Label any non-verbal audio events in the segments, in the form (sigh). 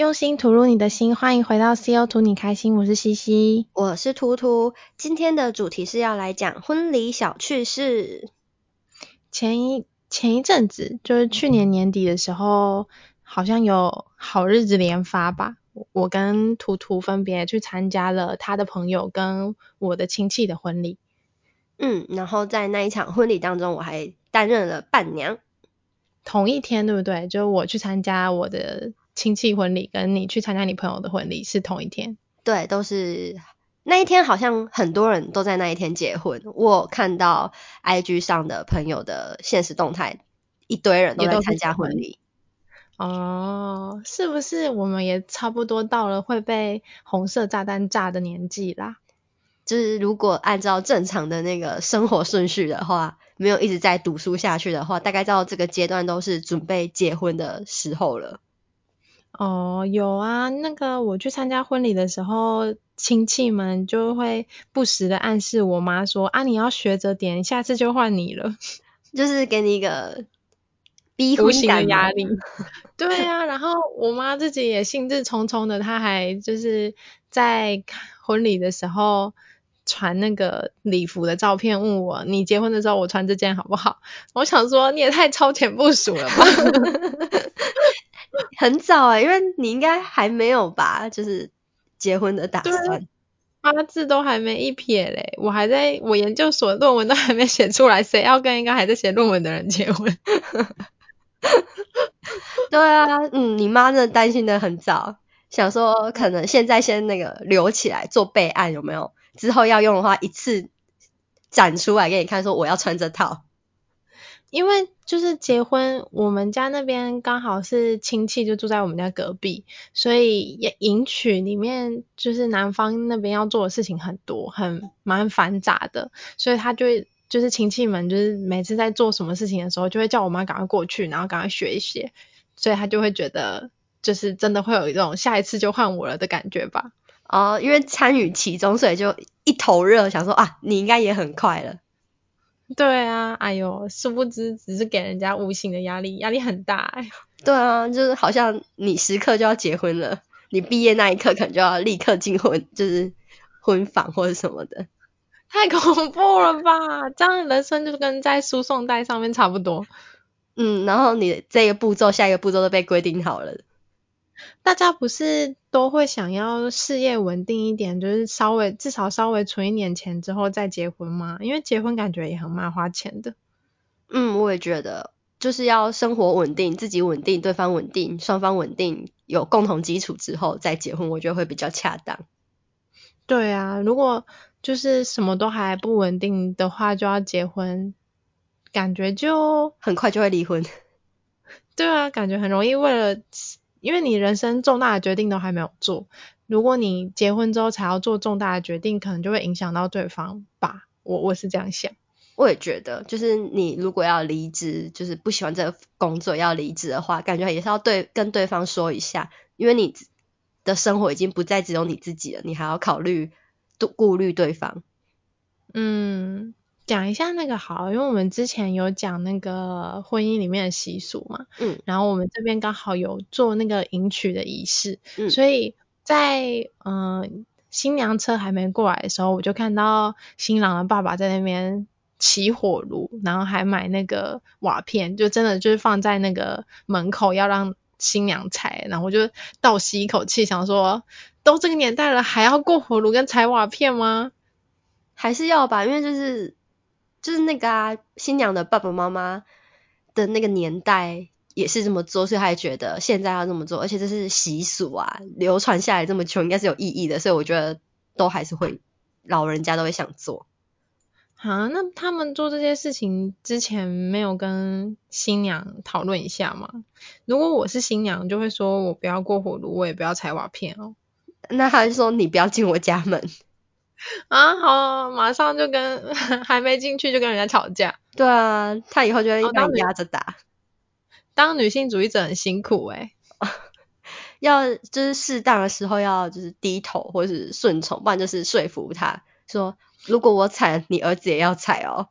用心吐露你的心，歡迎回到 C.O. 圖你開心，我是西西，我是圖圖。今天的主題是要來講婚禮小趣事。前一前一陣子，就是去年年底的時候，好像有好日子連發吧。我跟圖圖分別去參加了他的朋友跟我的親戚的婚禮。嗯，然後在那一場婚禮當中，我還擔任了伴娘。同一天，對不對？就我去參加我的。親戚婚禮跟你去參加你朋友的婚禮是同一天，對，都是那一天，好像很多人都在那一天結婚。我看到 IG 上的朋友的現實動態，一堆人都在參加婚禮。哦，是不是我們也差不多到了會被紅色炸彈炸的年紀啦？就是如果按照正常的那個生活順序的話，沒有一直在讀書下去的話，大概到這個階段都是準備結婚的時候了。哦，有啊，那個我去參加婚禮的時候，親戚們就會不時的暗示我媽說：“啊，你要學着點，下次就換你了。”就是給你一個逼婚的壓力。對啊，然後我媽自己也興致沖冲的，她還就是在婚禮的時候傳那個禮服的照片問我：“你結婚的時候我穿這件好不好？”我想說你也太超前部署了吧。 (laughs) 很早啊，欸，因為你應該還沒有吧，就是結婚的打算，八字都還沒一撇嘞。我還在我研究所論文都還沒寫出來，誰要跟一個還在寫論文的人結婚？ (laughs) (laughs) 對啊，嗯，你媽真的擔心的很早，想說可能現在先那個留起來做備案，有沒有？之後要用的話，一次展出來給你看，說我要穿這套。因為就是結婚，我們家那邊剛好是親戚就住在我們家隔壁，所以也迎娶裡面就是男方那邊要做的事情很多，很蠻繁雜的，所以他就就是親戚們就是每次在做什麼事情的時候，就會叫我媽趕快過去，然後趕快學一學，所以他就會覺得就是真的會有一種下一次就換我了的感覺吧。哦，因為參與其中，所以就一頭熱，想說啊，你應該也很快了。對啊，哎呦，殊不知只是給人家無形的壓力，壓力很大哎、欸。對啊，就是好像你時刻就要結婚了，你畢業那一刻可能就要立刻進婚，就是婚房或者什麼的，太恐怖了吧？這樣人生就跟在輸送帶上面差不多。嗯，然後你這個步驟、下一個步驟都被規定好了。大家不是都會想要事業穩定一點，就是稍微至少稍微存一點錢之後再結婚嗎？因為結婚感覺也很蠻花錢的。嗯，我也覺得，就是要生活穩定，自己穩定，對方穩定，雙方穩定，有共同基礎之後再結婚，我覺得會比較恰當。對啊，如果就是什麼都還不穩定的話，就要結婚，感覺就很快就會離婚。 (laughs) 對啊，感覺很容易為了。因為你人生重大的決定都還沒有做，如果你結婚之後才要做重大的決定，可能就會影響到對方吧。我我是這樣想，我也覺得，就是你如果要離職，就是不喜歡這個工作要離職的話，感覺也是要對跟對方說一下，因為你的生活已經不再只有你自己了，你還要考慮顧顧慮對方。嗯。講一下那個好，因為我們之前有講那個婚姻裡面的習俗嘛，嗯，然後我們這邊剛好有做那個迎娶的儀式，嗯，所以在嗯，呃，新娘車還沒過來的時候，我就看到新郎的爸爸在那邊起火爐，然後還買那個瓦片，就真的就是放在那個門口要讓新娘踩，然後我就倒吸一口氣，想說都這個年代了，還要過火爐跟踩瓦片嗎？還是要吧，因為就是。就是那個啊，新娘的爸爸媽媽的那個年代也是這麼做，所以他還覺得現在要這麼做，而且這是習俗啊，流傳下來這麼久，應該是有意義的，所以我覺得都還是會，老人家都會想做。啊，那他們做這些事情之前沒有跟新娘討論一下嗎？如果我是新娘，就會說我不要過火爐，我也不要踩瓦片哦。那他就說你不要進我家門。啊，好，馬上就跟還沒進去就跟人家吵架。對啊，他以後就會把你壓着打，哦，當。當女性主義者很辛苦誒、欸， (laughs) 要就是適當的時候要就是低頭或是順從，不然就是說服他說，如果我踩，你兒子也要踩哦。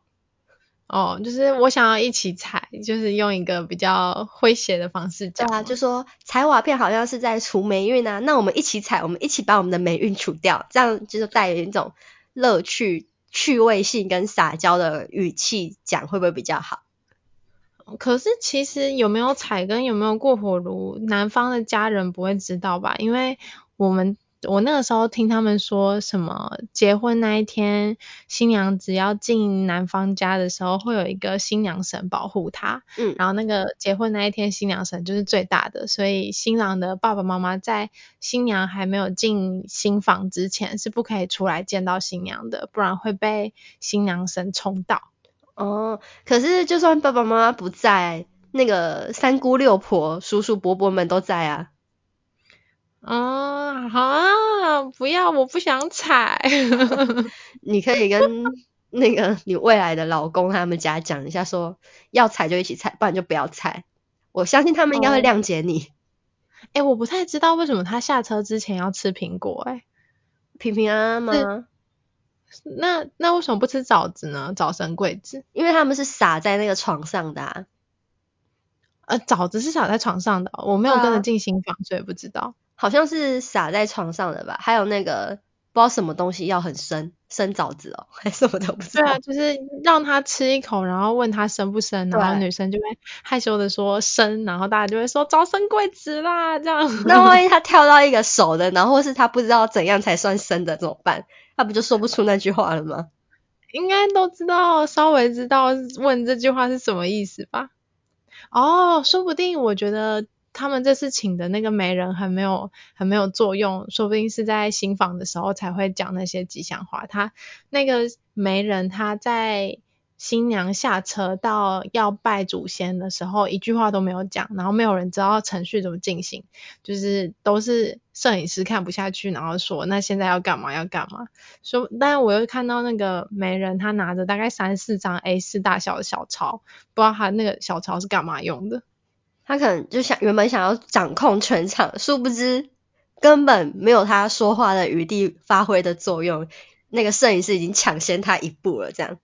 哦，就是我想要一起踩，就是用一個比較詼諧的方式講，對啊，就說踩瓦片好像是在除霉運啊，那我們一起踩，我們一起把我們的霉運除掉，這樣就是帶有一種樂趣、趣味性跟撒嬌的語氣講，會不會比較好？可是其實有沒有踩跟有沒有過火爐，男方的家人不會知道吧？因為我們。我那個時候聽他們說什麼，結婚那一天新娘子要進男方家的時候，會有一個新娘神保護她。嗯，然後那個結婚那一天新娘神就是最大的，所以新郎的爸爸媽媽在新娘還沒有進新房之前是不可以出來見到新娘的，不然會被新娘神沖到。哦，可是就算爸爸媽媽不在，那個三姑六婆、叔叔伯伯們都在啊。啊，好、哦、啊，不要，我不想踩。 (laughs) 你可以跟那個你未來的老公他們家講一下，說要踩就一起踩，不然就不要踩。我相信他們應該會諒解你。哎、哦欸，我不太知道為什麼他下車之前要吃蘋果，欸，哎，平平安安，安嗎？那那為什麼不吃棗子呢？早生貴子，因為他們是撒在那個床上的、啊。呃、啊，棗子是撒在床上的，我沒有跟着進新房，所以不知道。啊好像是撒在床上的吧，還有那個不知道什麼東西要很生生棗子哦，還什麼都不知道。對啊，就是讓他吃一口，然後問他生不生，啊、然後女生就會害羞的說生，然後大家就會說早生貴子啦，這樣。那萬一他跳到一個熟的，然後或是他不知道怎樣才算生的怎麼辦？他不就說不出那句話了嗎？應該都知道，稍微知道問這句話是什麼意思吧？哦，說不定我覺得。他們這次請的那個媒人，很沒有很沒有作用，說不定是在新房的時候才會講那些吉祥話。他那個媒人，他在新娘下車到要拜祖先的時候一句話都沒有講，然後沒有人知道程序怎麼進行，就是都是攝影師看不下去，然後說那現在要幹嘛要幹嘛。說，但是我又看到那個媒人，他拿着大概三四張 A 四大小的小抄，不知道他那個小抄是幹嘛用的。他可能就想，原本想要掌控全場，殊不知根本沒有他說話的餘地，發揮的作用。那個攝影師已經搶先他一步了，這樣。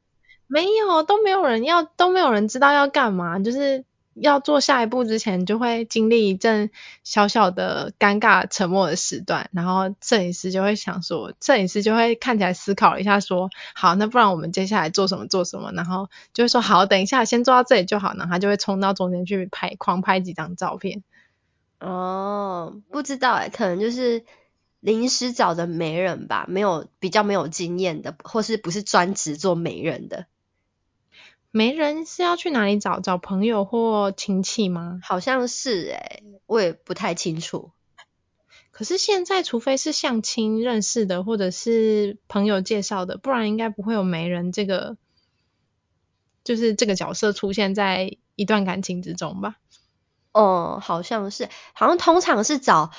沒有，都沒有人要，都沒有人知道要幹嘛，就是。要做下一步之前，就會經歷一陣小小的尷尬沉默的時段，然後攝影師就會想說，攝影師就會看起來思考一下，說，好，那不然我們接下來做什麼做什麼，然後就會說，好，等一下先做到這裡就好，然後他就會衝到中間去拍，狂拍幾張照片。哦，不知道哎，可能就是臨時找的媒人吧，沒有，比較沒有經驗的，或是不是專職做媒人的。媒人是要去哪裡找？找朋友或親戚嗎？好像是誒，我也不太清楚。可是現在，除非是相親認識的，或者是朋友介紹的，不然應該不會有媒人這個，就是這個角色出現在一段感情之中吧？哦，好像是，好像通常是找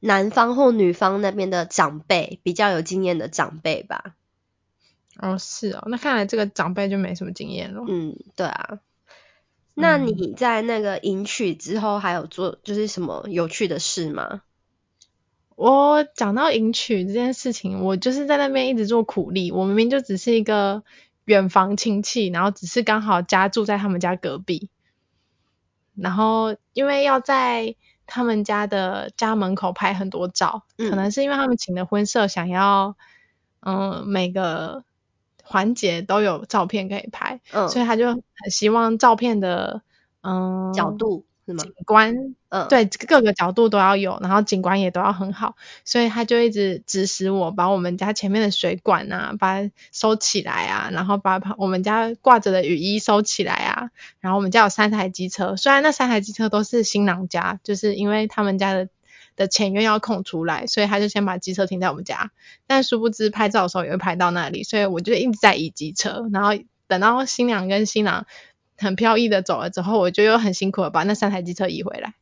男方或女方那邊的長輩，比較有經驗的長輩吧。哦，是哦，那看來這個長輩就沒什麼經驗了。嗯，對啊。那你在那個迎娶之後，還有做就是什麼有趣的事嗎？嗯。我講到迎娶這件事情，我就是在那邊一直做苦力。我明明就只是一個遠房親戚，然後只是剛好家住在他們家隔壁。然後因為要在他們家的家門口拍很多照，嗯。可能是因為他們請的婚攝想要，嗯，每個。環節都有照片可以拍，嗯、所以他就很希望照片的嗯角度、景觀，嗯，對各個角度都要有，然後景觀也都要很好，所以他就一直指使我把我們家前面的水管啊，把它收起來啊，然後把把我們家掛着的雨衣收起來啊，然後我們家有三台機車，雖然那三台機車都是新郎家，就是因為他們家的。前院要空出來，所以他就先把機車停在我們家，但殊不知拍照的時候也會拍到那裡，所以我就一直在移機車，然後等到新娘跟新郎很飄逸的走了之後，我就又很辛苦的把那三台機車移回來。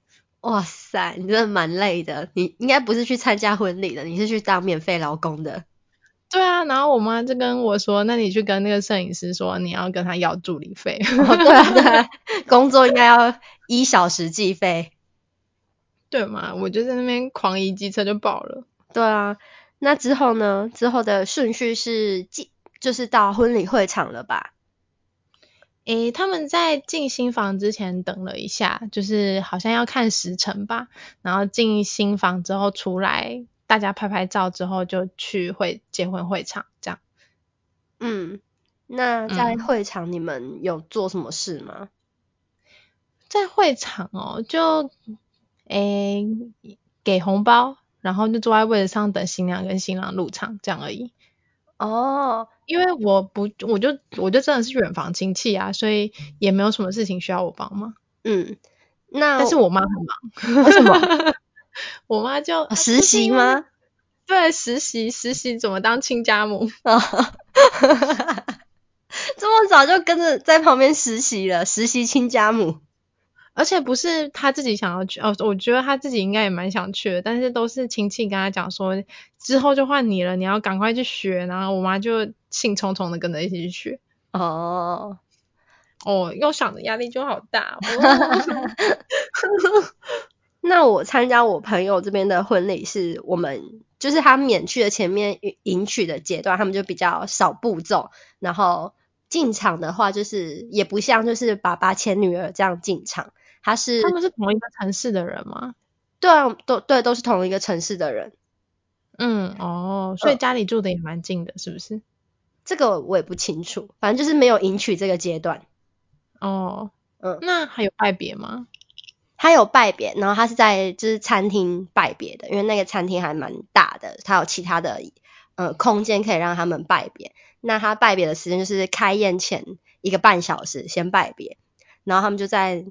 哇塞，你真的蠻累的，你應該不是去參加婚禮的，你是去當免費勞工的。對啊，然後我媽就跟我說，那你去跟那個攝影師說，你要跟他要助理費，對啊，工作應該要一小時計費。對嘛，我就在那邊狂移機車就爆了。對啊，那之後呢？之後的順序是進，就是到婚禮會場了吧？誒、欸、他們在進新房之前等了一下，就是好像要看時辰吧。然後進新房之後出來，大家拍拍照之後就去會結婚會場這樣。嗯，那在會場、嗯、你們有做什麼事嗎？在會場哦，就。誒、欸、給紅包，然後就坐在位子上等新娘跟新郎入場，這樣而已。哦，因為我不，我就我就真的是遠房親戚啊，所以也沒有什麼事情需要我幫忙。嗯，那但是我媽很忙，為、 (laughs) 啊、什麼？我媽就、啊、實習嗎？對，實習實習怎麼當親家母？哈哈哈哈哈！ (laughs) 這麼早就跟着在旁邊實習了，實習親家母。而且不是他自己想要去哦，我覺得他自己應該也蠻想去的，但是都是親戚跟他講說，之後就換你了，你要趕快去學，然後我媽就興沖沖的跟着一起去學。哦，哦，又想的壓力就好大。哦、 (laughs) (laughs) 那我參加我朋友這邊的婚禮，是我們就是他免去了前面迎娶的階段，他們就比較少步驟，然後進場的話，就是也不像就是爸爸牽女兒這樣進場。他是他們是同一個城市的人嗎？對啊，都對，都是同一個城市的人。嗯，哦，所以家裡住的也蠻近的，是不是？這個我也不清楚，反正就是沒有迎娶這個階段。哦，嗯，那還有拜別嗎？嗯，他有拜別，然後他是在就是餐廳拜別的，因為那個餐廳還蠻大的，他有其他的呃空間可以讓他們拜別。那他拜別的時間就是開宴前一個半小時先拜別，然後他們就在。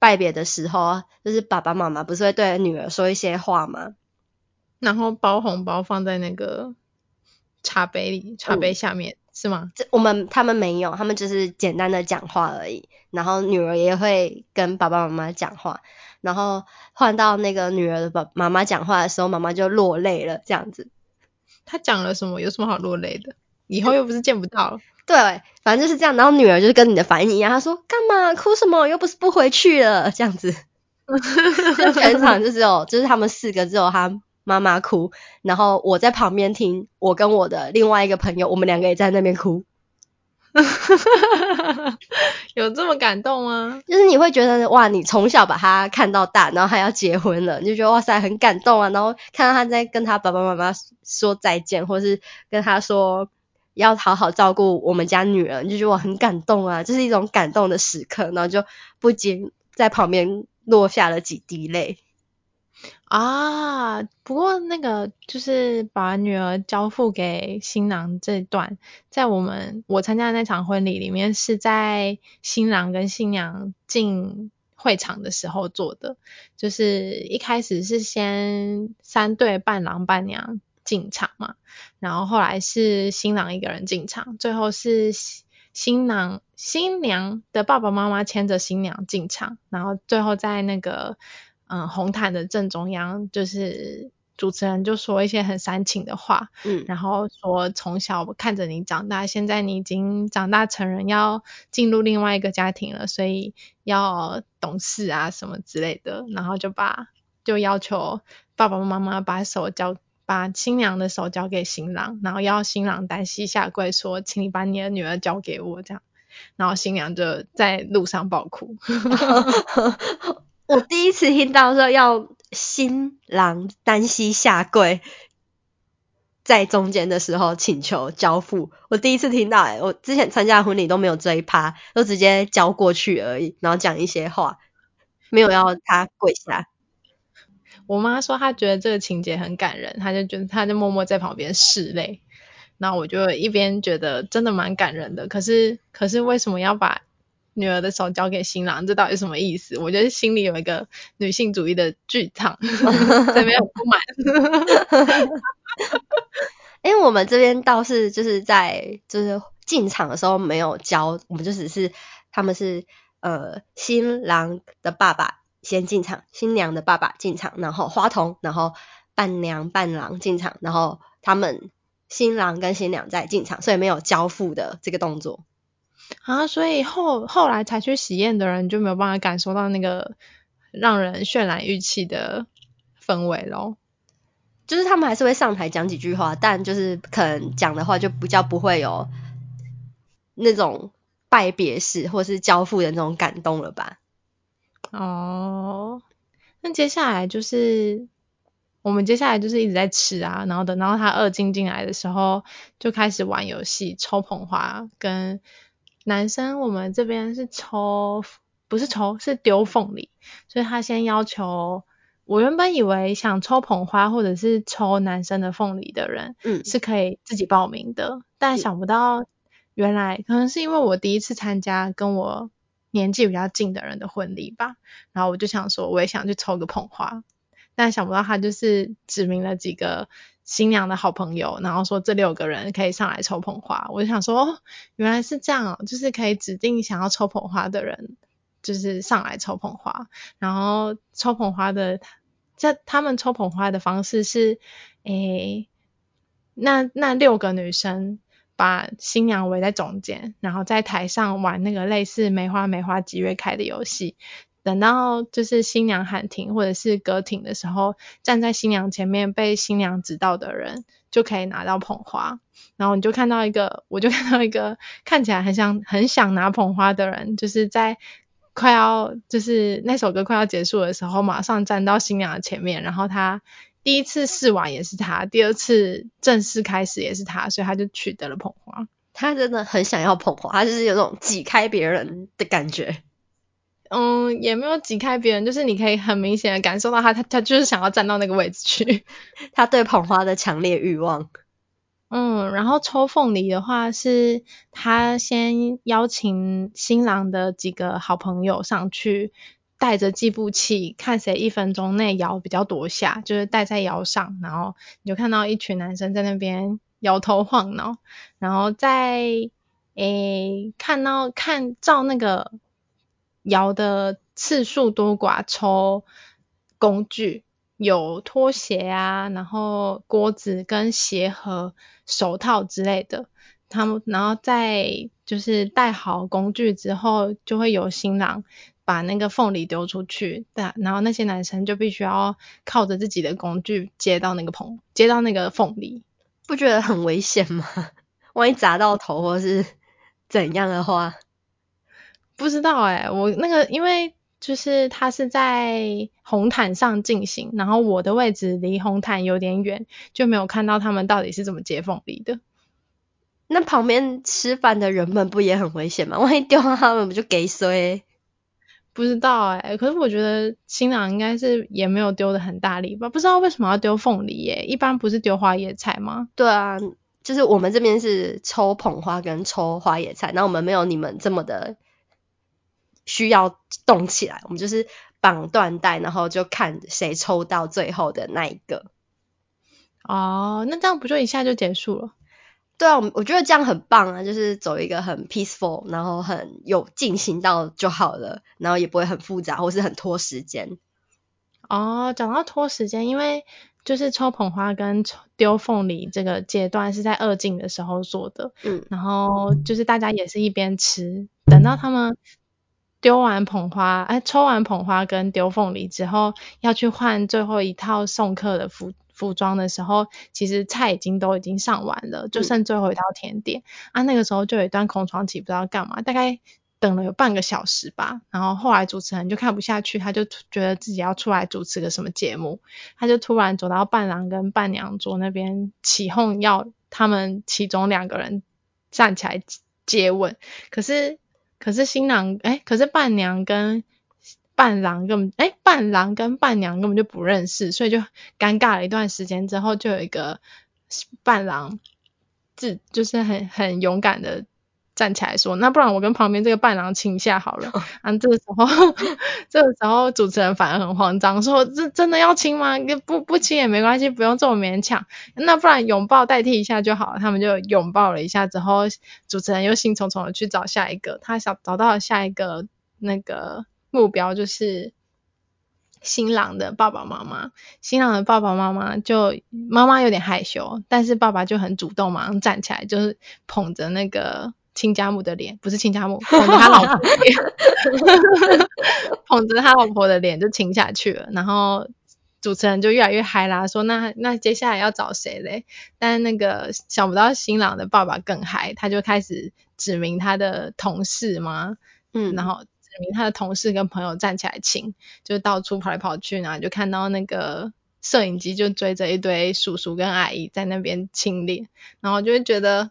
拜別的時候，就是爸爸媽媽不是會對女兒說一些話嗎？然後包紅包放在那個茶杯裡，茶杯下面、嗯、是嗎？這我們他們沒有，他們就是簡單的講話而已。然後女兒也會跟爸爸媽媽講話，然後換到那個女兒的爸媽媽講話的時候，媽媽就落淚了。這樣子，她講了什麼？有什麼好落淚的？以後又不是見不到了。嗯對，反正就是這樣。然後女兒就是跟你的反應一樣，她說：“幹嘛哭什麼？又不是不回去了。”這樣子， (laughs) 全場就只有就是他們四個，只有他媽媽哭，然後我在旁邊聽，我跟我的另外一個朋友，我們兩個也在那邊哭。 (laughs) 有這麼感動嗎？就是你會覺得哇，你從小把他看到大，然後他要結婚了，你就覺得哇塞，很感動啊。然後看到他在跟他爸爸媽媽說再見，或是跟他說。要好好照顧我們家女兒，就覺得我很感動啊，這、就是一種感動的時刻，然後就不禁在旁邊落下了幾滴淚啊。不過那個就是把女兒交付給新郎這一段，在我們我參加的那場婚禮裡面，是在新郎跟新娘進會場的時候做的，就是一開始是先三對伴郎伴娘。進場嘛，然後後來是新郎一個人進場，最後是新郎新娘的爸爸媽媽牽着新娘進場，然後最後在那個嗯紅毯的正中央，就是主持人就說一些很煽情的話，嗯，然後說從小看着你長大，現在你已經長大成人，要進入另外一個家庭了，所以要懂事啊什麼之類的，然後就把就要求爸爸媽媽把手交。把新娘的手交給新郎，然後要新郎單膝下跪，說：“請你把你的女兒交給我。”這樣，然後新娘就在路上爆哭。 (laughs) (laughs) 我第一次聽到說要新郎單膝下跪，在中間的時候請求交付。我第一次聽到，欸，我之前參加婚禮都沒有這一趴，都直接交過去而已，然後講一些話，沒有要他跪下。我媽說她覺得這個情節很感人，她就覺得她就默默在旁邊拭淚。那我就一邊覺得真的蠻感人的，可是可是為什麼要把女兒的手交給新郎？這到底什麼意思？我覺得心裡有一個女性主義的劇場，這邊 (laughs) (laughs) 有不滿。 (laughs) (laughs) 因為我們這邊倒是就是在就是進場的時候沒有交，我們就只是他們是呃新郎的爸爸先進場，新娘的爸爸進場，然後花童，然後伴娘伴郎進場，然後他們新郎跟新娘在進場，所以沒有交付的這個動作啊，所以後後來才去喜宴的人就沒有辦法感受到那個讓人渲染欲泣的氛圍咯，就是他們還是會上台講幾句話，但就是可能講的話就比較不會有那種拜別式或是交付的那種感動了吧。哦，那接下來就是我們接下來就是一直在吃啊，然後等到他二進進來的時候就開始玩遊戲抽捧花，跟男生我們這邊是抽不是抽是丟鳳梨，所以他先要求我原本以為想抽捧花或者是抽男生的鳳梨的人，嗯，是可以自己報名的，嗯，但想不到原來可能是因為我第一次參加跟我。年紀比較近的人的婚禮吧，然後我就想說，我也想去抽個捧花，但想不到他就是指明了幾個新娘的好朋友，然後說這六個人可以上來抽捧花。我就想說，哦，原來是這樣哦，就是可以指定想要抽捧花的人，就是上來抽捧花。然後抽捧花的這他們抽捧花的方式是，誒，欸，那那六個女生，把新娘圍在中間，然後在台上玩那個類似梅花梅花幾月開的遊戲。等到就是新娘喊停或者是歌停的時候，站在新娘前面被新娘指到的人就可以拿到捧花。然後你就看到一個，我就看到一個看起來很想很想拿捧花的人，就是在快要就是那首歌快要結束的時候，馬上站到新娘的前面，然後他。第一次試完也是他，第二次正式開始也是他，所以他就取得了捧花。他真的很想要捧花，他就是有種擠開別人的感覺。嗯，也沒有擠開別人，就是你可以很明顯的感受到他，他他就是想要站到那個位置去。他對捧花的強烈慾望。嗯，然後抽鳳梨的話是他先邀請新郎的幾個好朋友上去。帶着計步器，看誰一分鐘內搖比較多下，就是戴在腰上，然後你就看到一群男生在那邊搖頭晃腦，然後再誒、欸、看到看照那個搖的次數多寡，抽工具有拖鞋啊，然後鍋子跟鞋盒、手套之類的，他們然後再就是帶好工具之後，就會有新郎，把那個鳳梨丟出去，對，然後那些男生就必須要靠着自己的工具接到那個鳳，接到那個鳳梨，不覺得很危險嗎？萬一砸到頭或是怎樣的話，不知道誒、欸、我那個因為就是他是在紅毯上進行，然後我的位置離紅毯有點遠，就沒有看到他們到底是怎麼接鳳梨的。那旁邊吃飯的人們不也很危險嗎？萬一丟到他們，不就給水。不知道哎、欸，可是我覺得新郎應該是也沒有丟的很大力吧？不知道為什麼要丟鳳梨耶、欸？一般不是丟花椰菜嗎？對啊，就是我們這邊是抽捧花跟抽花椰菜，那我們沒有你們這麼的需要動起來，我們就是綁緞帶，然後就看誰抽到最後的那一個。哦，那這樣不就一下就結束了？對啊，我覺得這樣很棒啊，就是走一個很 peaceful，然後很有進行到就好了，然後也不會很複雜，或是很拖時間。哦，講到拖時間，因為就是抽捧花跟丟鳳梨這個階段是在二進的時候做的，嗯，然後就是大家也是一邊吃，等到他們丟完捧花，哎，抽完捧花跟丟鳳梨之後，要去換最後一套送客的服。服裝的時候，其實菜已經都已經上完了，就剩最後一道甜點、嗯、啊。那個時候就有一段空窗期，不知道幹嘛，大概等了有半個小時吧。然後後來主持人就看不下去，他就覺得自己要出來主持個什麼節目，他就突然走到伴郎跟伴娘桌那邊起哄，要他們其中兩個人站起來接吻。可是可是新郎誒、欸、可是伴娘跟伴郎跟，誒哎，伴郎跟伴娘根本就不認識，所以就尷尬了一段時間之後，就有一個伴郎自就是很很勇敢的站起來說：“那不然我跟旁邊這個伴郎親一下好了。”啊，這個時候 (laughs) 這個時候主持人反而很慌張，說：“這真的要親嗎？不不親也沒關係，不用這麼勉強。那不然擁抱代替一下就好了。”他們就擁抱了一下，之後主持人又興沖沖的去找下一個，他想找到了下一個那個。目標就是新郎的爸爸媽媽。新郎的爸爸媽媽就媽媽有點害羞，但是爸爸就很主動嘛，站起來，就是捧着那個親家母的臉，不是親家母，捧着他老婆的臉， (laughs) (laughs) 捧着他老婆的臉就親下去了。然後主持人就越來越嗨啦啊，說：“那，那那接下來要找誰嘞？”但那個想不到新郎的爸爸更嗨，他就開始指明他的同事嘛，嗯，然後。他的同事跟朋友站起來親，就到處跑來跑去，然後就看到那個攝影機就追着一堆叔叔跟阿姨在那邊親臉，然後就會覺得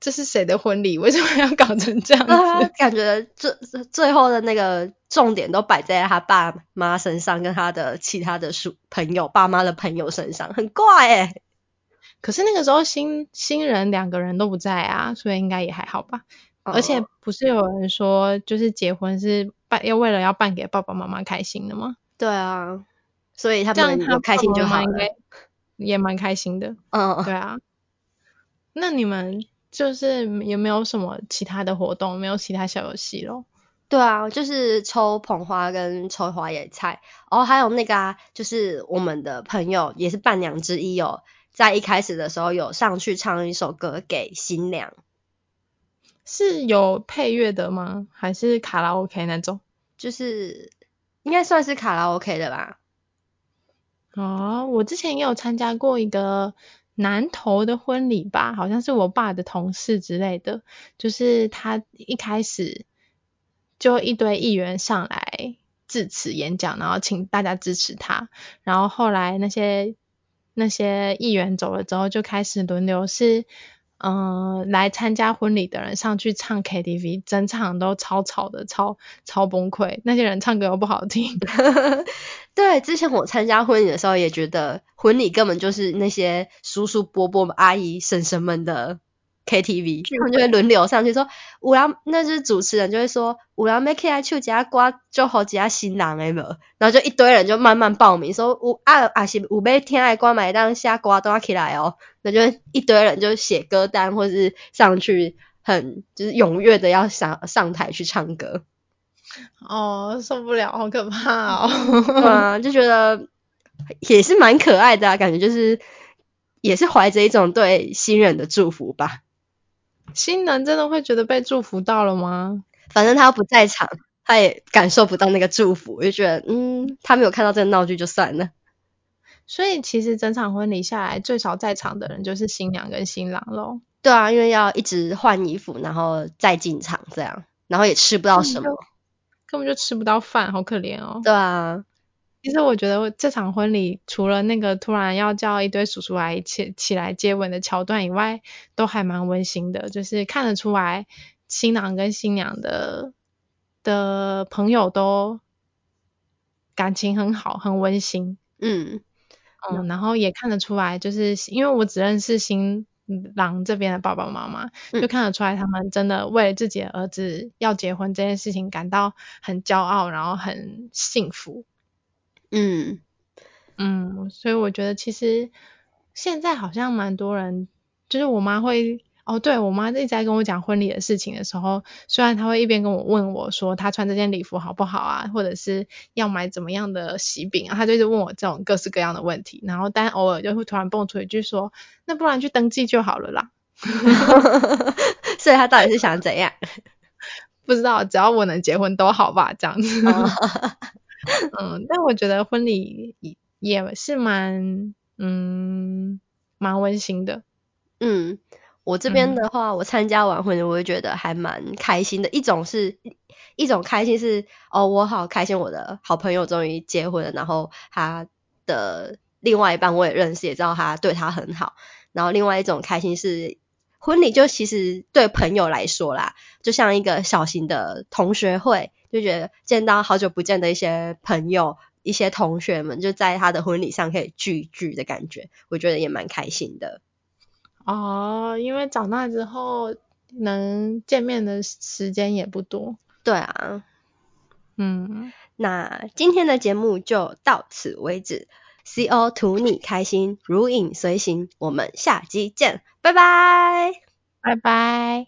這是誰的婚禮？為什麼要搞成這樣子？啊、感覺最最後的那個重點都擺在他爸媽身上，跟他的其他的叔朋友爸媽的朋友身上，很怪誒、欸。可是那個時候新新人兩個人都不在啊，所以應該也還好吧。而且不是有人說，就是結婚是辦，oh. 要為了要辦給爸爸媽媽開心的嗎？對啊，所以他們這樣開心就好，也蠻 (laughs) 開心的。嗯，oh. 對啊。那你們就是有沒有什麼其他的活動？沒有其他小遊戲咯。對啊，就是抽捧花跟抽花椰菜，哦、oh,，還有那個、啊、就是我們的朋友、嗯、也是伴娘之一哦，在一開始的時候有上去唱一首歌給新娘。是有配樂的嗎？還是卡拉 OK 那種？就是應該算是卡拉 OK 的吧。哦，我之前也有參加過一個南投的婚禮吧，好像是我爸的同事之類的。就是他一開始就一堆議員上來致辭演講，然後請大家支持他。然後後來那些那些議員走了之後，就開始輪流是。嗯、呃，來參加婚禮的人上去唱 KTV，整場都超吵的，超超崩潰。那些人唱歌又不好聽。 (laughs) 對，之前我參加婚禮的時候也覺得，婚禮根本就是那些叔叔、伯伯、阿姨、嬸嬸們的。KTV 他們就會輪流上去說，我要那是主持人就會說，烏蘭 m a k 去幾瓜，就好幾新郎誒，然後就一堆人就慢慢報名說，五啊啊是五杯天愛瓜買當下瓜都要起來哦，那就一堆人就寫歌單或者是上去很就是踴躍的要想上，上台去唱歌，哦受不了，好可怕哦， (laughs) (laughs) 啊，就覺得也是蠻可愛的啊，感覺就是也是懷着一種對新人的祝福吧。新郎真的會覺得被祝福到了嗎？反正他不在場，他也感受不到那個祝福，我就覺得嗯，他沒有看到這個鬧劇就算了。所以其實整場婚禮下來，最少在場的人就是新娘跟新郎嘍。對啊，因為要一直換衣服，然後再進場這樣，然後也吃不到什麼，根本，根本就吃不到飯，好可憐哦。對啊。其實我覺得我這場婚禮除了那個突然要叫一堆叔叔來起起來接吻的橋段以外，都還蠻溫馨的。就是看得出來，新郎跟新娘的的朋友都感情很好，很溫馨。嗯，嗯，然後也看得出來，就是因為我只認識新郎這邊的爸爸媽媽，嗯，就看得出來他們真的為自己的兒子要結婚這件事情感到很驕傲，然後很幸福。嗯嗯，所以我覺得其實現在好像蠻多人，就是我媽會哦，對，對我媽一直在跟我講婚禮的事情的時候，雖然她會一邊跟我問我說她穿這件禮服好不好啊，或者是要買怎麼樣的喜餅啊，她就一直問我這種各式各樣的問題，然後但偶爾就會突然蹦出一句說，那不然去登記就好了啦。 (laughs) (laughs) 所以她到底是想怎樣？ (laughs) 不知道，只要我能結婚都好吧，這樣子。 (laughs) (laughs) 嗯，但我覺得婚禮也是蠻，嗯，蠻溫馨的。嗯，我這邊的話，嗯、我參加完婚禮，我會覺得還蠻開心的。一種是，一種開心是，哦，我好開心，我的好朋友終於結婚了，然後他的另外一半我也認識，也知道他對他很好。然後另外一種開心是。婚禮就，其實對朋友來說啦，就像一個小型的同學會，就覺得見到好久不見的一些朋友、一些同學們，就在他的婚禮上可以聚一聚的感覺，我覺得也蠻開心的。哦，因為長大之後能見面的時間也不多。對啊。嗯，那今天的節目就到此為止。C.O. 圖你開心，如影隨形。我們下期見，拜拜，拜拜。